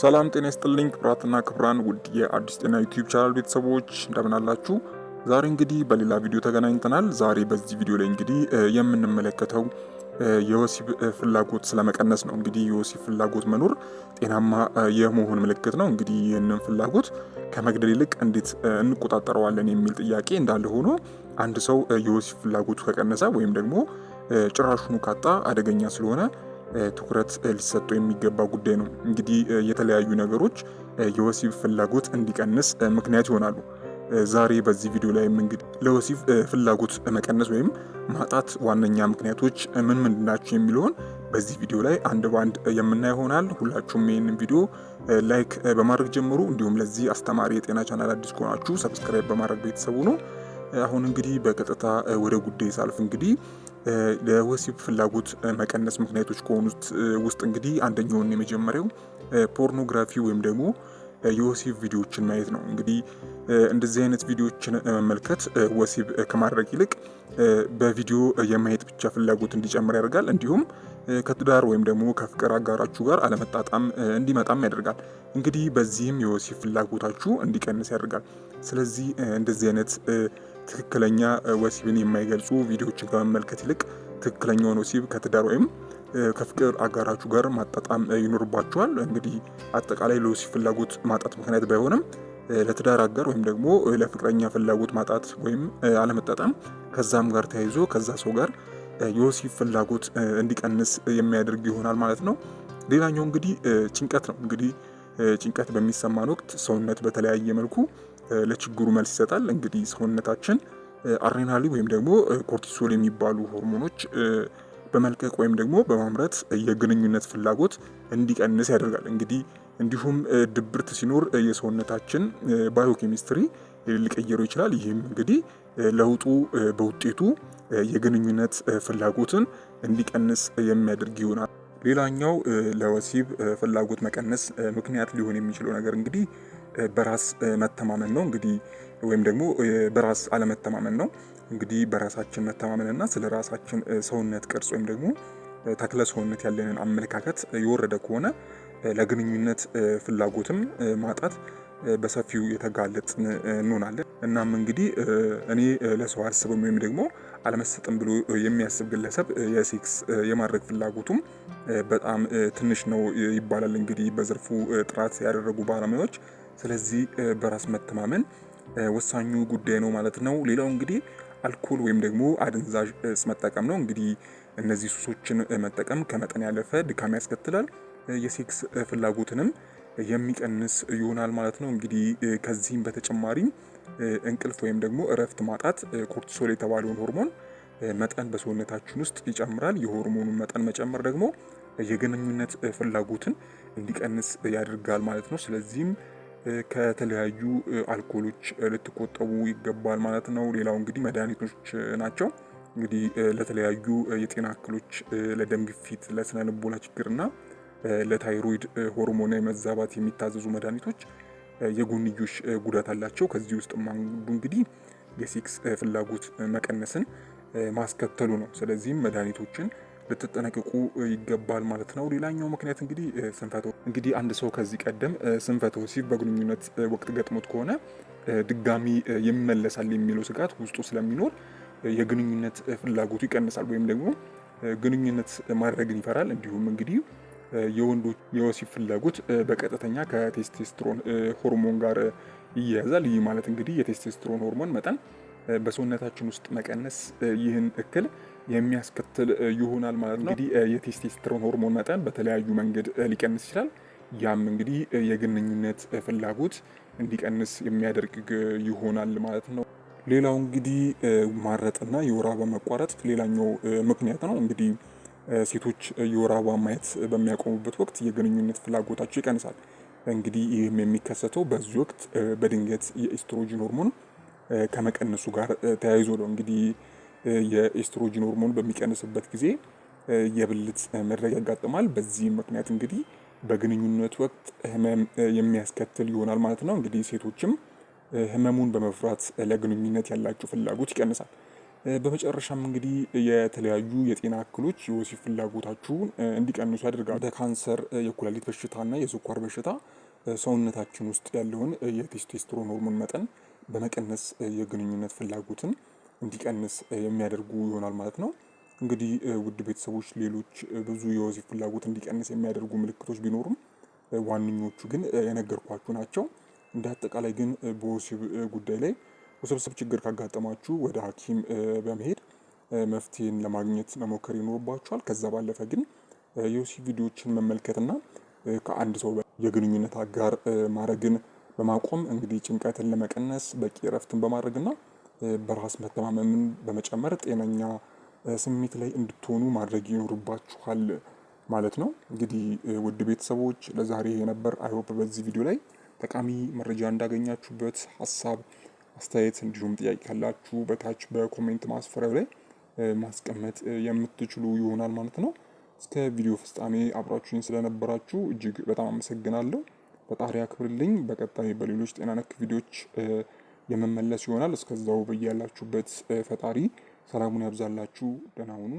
ሰላም ጤና ይስጥልኝ ክብራትና ክብራን ውድ የአዲስ ጤና ዩቲዩብ ቻናል ቤተሰቦች እንደምናላችሁ። ዛሬ እንግዲህ በሌላ ቪዲዮ ተገናኝተናል። ዛሬ በዚህ ቪዲዮ ላይ እንግዲህ የምንመለከተው የወሲብ ፍላጎት ስለመቀነስ ነው። እንግዲህ የወሲብ ፍላጎት መኖር ጤናማ የመሆን ምልክት ነው። እንግዲህ ይህንን ፍላጎት ከመግደል ይልቅ እንዴት እንቆጣጠረዋለን የሚል ጥያቄ እንዳለ ሆኖ አንድ ሰው የወሲብ ፍላጎቱ ከቀነሰ ወይም ደግሞ ጭራሹኑ ካጣ አደገኛ ስለሆነ ትኩረት ሊሰጠው የሚገባ ጉዳይ ነው። እንግዲህ የተለያዩ ነገሮች የወሲብ ፍላጎት እንዲቀንስ ምክንያት ይሆናሉ። ዛሬ በዚህ ቪዲዮ ላይም እንግዲህ ለወሲብ ፍላጎት መቀነስ ወይም ማጣት ዋነኛ ምክንያቶች ምን ምንድን ናቸው የሚለውን በዚህ ቪዲዮ ላይ አንድ በአንድ የምናይ ይሆናል። ሁላችሁም ይህንን ቪዲዮ ላይክ በማድረግ ጀምሩ። እንዲሁም ለዚህ አስተማሪ የጤና ቻናል አዲስ ከሆናችሁ ሰብስክራይብ በማድረግ ቤተሰቡ ነው። አሁን እንግዲህ በቀጥታ ወደ ጉዳይ ሳልፍ እንግዲህ ለወሲብ ፍላጎት መቀነስ ምክንያቶች ከሆኑት ውስጥ እንግዲህ አንደኛውን የመጀመሪያው ፖርኖግራፊ ወይም ደግሞ የወሲብ ቪዲዮዎችን ማየት ነው። እንግዲህ እንደዚህ አይነት ቪዲዮዎችን መመልከት ወሲብ ከማድረግ ይልቅ በቪዲዮ የማየት ብቻ ፍላጎት እንዲጨምር ያደርጋል። እንዲሁም ከትዳር ወይም ደግሞ ከፍቅር አጋራችሁ ጋር አለመጣጣም እንዲመጣም ያደርጋል። እንግዲህ በዚህም የወሲብ ፍላጎታችሁ እንዲቀንስ ያደርጋል። ስለዚህ እንደዚህ አይነት ትክክለኛ ወሲብን የማይገልጹ ቪዲዮዎችን ከመመልከት ይልቅ ትክክለኛውን ወሲብ ከትዳር ወይም ከፍቅር አጋራችሁ ጋር ማጣጣም ይኖርባችኋል። እንግዲህ አጠቃላይ ለወሲብ ፍላጎት ማጣት ምክንያት ባይሆንም ለትዳር አጋር ወይም ደግሞ ለፍቅረኛ ፍላጎት ማጣት ወይም አለመጣጣም ከዛም ጋር ተያይዞ ከዛ ሰው ጋር የወሲብ ፍላጎት እንዲቀንስ የሚያደርግ ይሆናል ማለት ነው። ሌላኛው እንግዲህ ጭንቀት ነው። እንግዲህ ጭንቀት በሚሰማን ወቅት ሰውነት በተለያየ መልኩ ለችግሩ መልስ ይሰጣል። እንግዲህ ሰውነታችን አድሬናሊ ወይም ደግሞ ኮርቲሶል የሚባሉ ሆርሞኖች በመልቀቅ ወይም ደግሞ በማምረት የግንኙነት ፍላጎት እንዲቀንስ ያደርጋል። እንግዲህ እንዲሁም ድብርት ሲኖር የሰውነታችን ባዮኬሚስትሪ ሊቀየረው ይችላል። ይህም እንግዲህ ለውጡ በውጤቱ የግንኙነት ፍላጎትን እንዲቀንስ የሚያደርግ ይሆናል። ሌላኛው ለወሲብ ፍላጎት መቀነስ ምክንያት ሊሆን የሚችለው ነገር እንግዲህ በራስ መተማመን ነው እንግዲህ ወይም ደግሞ በራስ አለመተማመን ነው እንግዲህ በራሳችን መተማመንና ስለ ራሳችን ሰውነት ቅርጽ ወይም ደግሞ ተክለ ሰውነት ያለንን አመለካከት የወረደ ከሆነ ለግንኙነት ፍላጎትም ማጣት በሰፊው የተጋለጥን እንሆናለን። እናም እንግዲህ እኔ ለሰው አያስብም ወይም ደግሞ አልመሰጥም ብሎ የሚያስብ ግለሰብ የሴክስ የማድረግ ፍላጎቱም በጣም ትንሽ ነው ይባላል። እንግዲህ በዘርፉ ጥራት ያደረጉ ባለሙያዎች ስለዚህ በራስ መተማመን ወሳኙ ጉዳይ ነው ማለት ነው። ሌላው እንግዲህ አልኮል ወይም ደግሞ አደንዛዥ እጽ መጠቀም ነው። እንግዲህ እነዚህ ሱሶችን መጠቀም ከመጠን ያለፈ ድካም ያስከትላል። የሴክስ ፍላጎትንም የሚቀንስ ይሆናል ማለት ነው። እንግዲህ ከዚህም በተጨማሪም እንቅልፍ ወይም ደግሞ እረፍት ማጣት ኮርቲሶል የተባለውን ሆርሞን መጠን በሰውነታችን ውስጥ ይጨምራል። የሆርሞኑን መጠን መጨመር ደግሞ የግንኙነት ፍላጎትን እንዲቀንስ ያደርጋል ማለት ነው። ስለዚህም ከተለያዩ አልኮሎች ልትቆጠቡ ይገባል ማለት ነው። ሌላው እንግዲህ መድኃኒቶች ናቸው። እንግዲህ ለተለያዩ የጤና እክሎች ለደም ግፊት፣ ለስነ ልቦና ችግርና ለታይሮይድ ሆርሞን መዛባት የሚታዘዙ መድኃኒቶች የጎንዮሽ ጉዳት አላቸው። ከዚህ ውስጥ አንዱ እንግዲህ የሴክስ ፍላጎት መቀነስን ማስከተሉ ነው። ስለዚህም መድኃኒቶችን ልትጠነቅቁ ይገባል ማለት ነው። ሌላኛው ምክንያት እንግዲህ ስንፈቶ እንግዲህ አንድ ሰው ከዚህ ቀደም ስንፈተ ወሲብ በግንኙነት ወቅት ገጥሞት ከሆነ ድጋሚ ይመለሳል የሚለው ስጋት ውስጡ ስለሚኖር የግንኙነት ፍላጎቱ ይቀንሳል ወይም ደግሞ ግንኙነት ማድረግን ይፈራል። እንዲሁም እንግዲህ የወንዶች የወሲብ ፍላጎት በቀጥተኛ ከቴስቴስትሮን ሆርሞን ጋር ይያያዛል። ይህ ማለት እንግዲህ የቴስቴስትሮን ሆርሞን መጠን በሰውነታችን ውስጥ መቀነስ ይህን እክል የሚያስከትል ይሆናል ማለት ነው። እንግዲህ የቴስቴስትሮን ሆርሞን መጠን በተለያዩ መንገድ ሊቀንስ ይችላል። ያም እንግዲህ የግንኙነት ፍላጎት እንዲቀንስ የሚያደርግ ይሆናል ማለት ነው። ሌላው እንግዲህ ማረጥና የወር አበባ መቋረጥ ሌላኛው ምክንያት ነው። እንግዲህ ሴቶች የወር አበባ ማየት በሚያቆሙበት ወቅት የግንኙነት ፍላጎታቸው ይቀንሳል። እንግዲህ ይህም የሚከሰተው በዚህ ወቅት በድንገት የኤስትሮጂን ሆርሞን ከመቀነሱ ጋር ተያይዞ ነው እንግዲህ የኤስትሮጂን ሆርሞን በሚቀንስበት ጊዜ የብልት መድረቅ ያጋጥማል። በዚህ ምክንያት እንግዲህ በግንኙነት ወቅት ህመም የሚያስከትል ይሆናል ማለት ነው። እንግዲህ ሴቶችም ህመሙን በመፍራት ለግንኙነት ያላቸው ፍላጎት ይቀንሳል። በመጨረሻም እንግዲህ የተለያዩ የጤና እክሎች የወሲብ ፍላጎታችሁን እንዲቀንሱ ያደርጋል። በካንሰር፣ የኩላሊት በሽታና የስኳር በሽታ ሰውነታችን ውስጥ ያለውን የቴስቴስትሮን ሆርሞን መጠን በመቀነስ የግንኙነት ፍላጎትን እንዲቀንስ የሚያደርጉ ይሆናል ማለት ነው። እንግዲህ ውድ ቤተሰቦች ሌሎች ብዙ የወሲብ ፍላጎት እንዲቀንስ የሚያደርጉ ምልክቶች ቢኖሩም ዋነኞቹ ግን የነገርኳችሁ ናቸው። እንደ አጠቃላይ ግን በወሲብ ጉዳይ ላይ ውስብስብ ችግር ካጋጠማችሁ ወደ ሐኪም በመሄድ መፍትሄን ለማግኘት መሞከር ይኖርባችኋል። ከዛ ባለፈ ግን የወሲብ ቪዲዮዎችን መመልከትና ከአንድ ሰው የግንኙነት አጋር ማድረግን በማቆም እንግዲህ ጭንቀትን ለመቀነስ በቂ እረፍትን በማድረግና በራስ መተማመምን በመጨመር ጤነኛ ስሜት ላይ እንድትሆኑ ማድረግ ይኖርባችኋል ማለት ነው። እንግዲህ ውድ ቤተሰቦች ለዛሬ የነበር አይሆፕ በዚህ ቪዲዮ ላይ ጠቃሚ መረጃ እንዳገኛችሁበት ሀሳብ አስተያየት እንዲሁም ጥያቄ ካላችሁ በታች በኮሜንት ማስፈሪያው ላይ ማስቀመጥ የምትችሉ ይሆናል ማለት ነው። እስከ ቪዲዮ ፍጻሜ አብራችሁኝ ስለነበራችሁ እጅግ በጣም አመሰግናለሁ። ፈጣሪ ያክብርልኝ። በቀጣይ በሌሎች ጤና ነክ ቪዲዮዎች የመመለስ ይሆናል። እስከዛው በያላችሁበት ፈጣሪ ሰላሙን ያብዛላችሁ። ደህና ሁኑ።